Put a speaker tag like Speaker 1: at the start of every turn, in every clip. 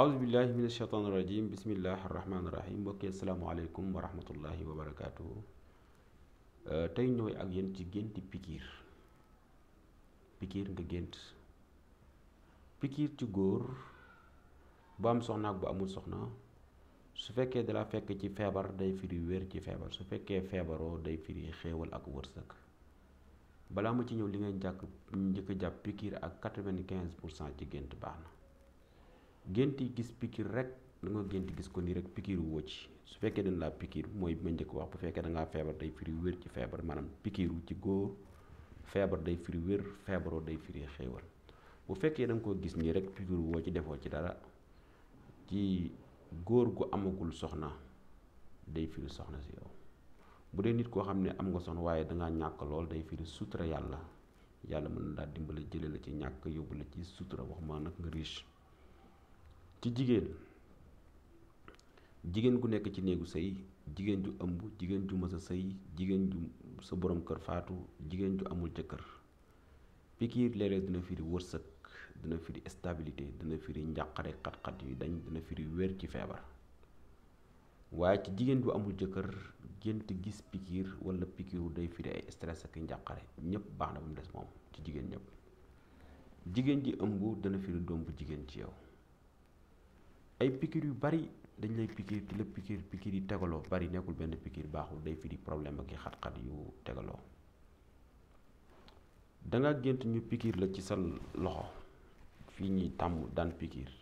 Speaker 1: aousubillahi min asheytaan irajim bismillahi arrahmaanirahim mbokki asalaamaaleykum wa rahmatullahi wa barakatuhu euh, tey ñooy ak yéen ci gént pikiir pikiir nga gént pikiir ci góor bu am soxna ak bu amul soxna su fekkee dala fekk ci feebar day firi wér ci feebar su fekkee feebaroo day firi xéewal ak wërsëg balaa ma ci ñëw li ngay jàkk njëkk jàpp pikiir ak quatre-vingt-quinze pour cent ci gént baax na génti gis pikiir rek da nga génti gis ko nii rek piqûre woo ci su fekkee dañ laa mooy bi ma njëkk wax bu fekkee da ngaa feebar day firi wér ci feebar maanaam piqûre ci góor feebar day firi wér feebaroo day firi xéewal bu fekkee danga ko gis nii rek piqûre woo ci defoo ci dara ci góor gu amagul soxna day firi soxna si yow bu dee nit koo xam ne am nga soxna waaye dangaa ñàkk lool day firi sutura yàlla yàlla mën na daal dimbale jële la ci ñàkk yóbbu la ci sutura wax ma nag nga ci jigéen jigéen gu nekk ci néegu sëy jigéen ju ëmb jigéen ju mësa a sëy jigéen ju sa boroom kër faatu jigéen ju amul jëkkër pikiir léeg-léeg dina firi wërsëg dina firi stabilité dina firi njàqare xat-xat yu dañ dina firi wér ci feebar waaye ci jigéen ju amul jëkkër gént gis pikiir walla pikiiru day firi ay stress ak njàqare ñépp baax na ba mu des moom ci jigéen ñépp jigéen ji ëmb dana firi doom bu jigéen ci yow ay piqûre yu bari dañ lay piqûre di la piqûre piqûre yi tegaloo bari nekkul benn piqûre baaxul day firi problème ak i xat-xat yu tegaloo da nga gént ñu pikiir la ci sa loxo fii ñuy tàmm daan piqûre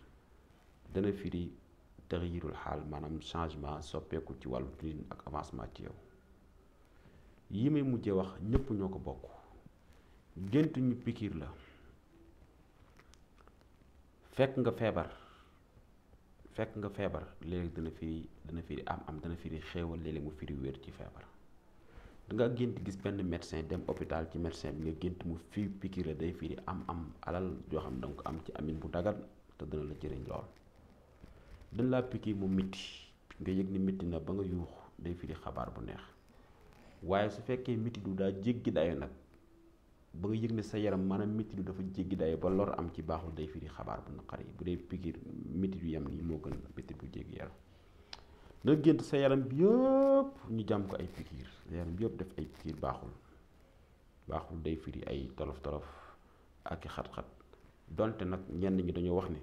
Speaker 1: dana firi taxyirul xaal maanaam changement soppeeku ci wàllu dundin ak avancement ci yow yi may mujjee wax ñépp ñoo ko bokk gént ñu piqûre la fekk nga feebar fekk nga feebar léeg dana fii dana firi am am dana firi xéewal léeg-léeg mu firi wér ci feebar danga gént gis benn médecin dem hôpital ci médecin bi nga gént mu fi pikira day firi am am alal joo xam danga am ci amin bu dagal te dana la jëriñ lool dañ laa pikir mu mitti nga yëg ni mitti na ba nga yuux day fii di xabaar bu neex waaye su fekkee mitt du daa jéggi dayo nag ba nga yëg ne sa yaram maanaam métti du dafa jéggi day ba lor am ci baaxul day firi xabaar bu naqar yi bu dee pikiir métti du yem nii moo gën métti bu jéggi yaram na gént sa yaram bi yëpp ñu jàm ko ay pikiir sa yaram bi yëpp def ay pikiir baaxul baaxul day firi ay tolof-tolof ak i xat-xat donte nag ñenn ñi dañoo wax ne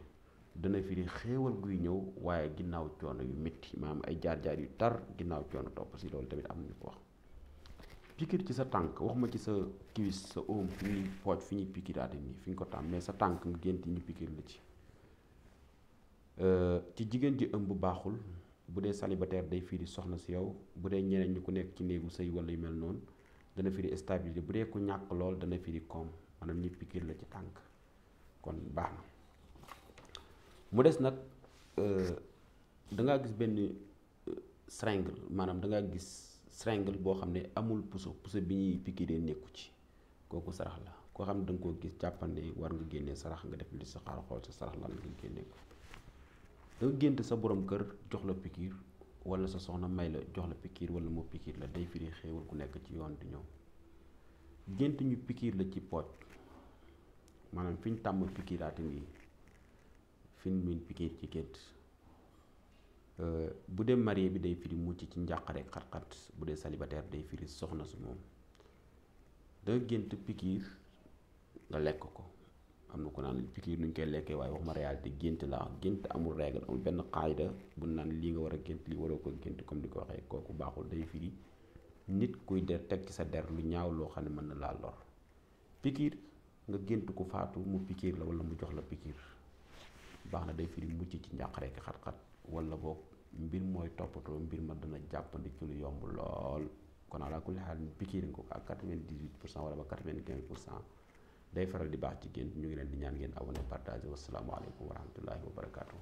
Speaker 1: dana firi xéewal guy ñëw waaye ginnaaw coono yu métti maanaam ay jaar-jaar yu tar ginnaaw coono topp si loolu tamit am nañu ko piqûre ci sa tànk waxuma ci sa cuisse sa oom fi ñuy pooj fi ñuy piqûraate nii fi ñu ko tàmm mais sa tànk nga gént ñu piqûre la ci euh, ci jigéen ji ëmb baaxul bu dee célibataire day firi soxna si yow bu dee ñeneen ñi ku nekk ci néegu sëy wala yu mel noonu dana firi stabilité bu dee ko ñàkk lool dana firi koom maanaam ñu piqûre la ci tànk kon baax na mu des nag euh, dangaa gis benn euh, seringue maanaam dangaa gis seringue boo xam ne amul puso puso bi ñuy pikiiree nekku ci kooku sarax la koo xam ne da nga koo gis jàppande war nga génnee sarax nga def li sa xaar xool sa sarax lan nga génne ko da nga gént sa boroom kër jox la pikiir wala sa soxna may la jox la pikiir wala moo pikiir la day firi xéewal ku nekk ci yoon di ñëw gént pikiir la ci pooj maanaam fiñ tàmm pikiiraate nii fi ñu pikiir ci gént Euh, bu dee marié bi day firi mucc ci njàqare xat-xat bu dee célibataire day firi soxna su moom da gént pikiir nga lekk ko am na ko naan pikiir nuñ koy lekkee waaye wax ma réalité gént laa gént amul règle amul benn xaayda bu naan lii nga war a gént lii waroo ko gént comme di ko waxee kooku baaxul day firi nit kuy der teg ci sa der lu ñaaw loo xam ne mën na laa lor pikiir nga gént ku faatu mu pikiir la wala mu jox la pikiir baax na day firi mucc ci njàqare ki xat-xat wala boog mbir mooy toppatoo mbir ma dana jàppandi ci lu yomb lool kon ala kulli xaal ñu pikirin ko ak quatre-vingt-dix-huit pour cent wala ba quatre-vingt-quinze pour cent day faral di baax ci génn ñu ngi leen di ñaan ngeen abonné partagé wasalaamualeykum wa rahmatullahi wa barakaatu.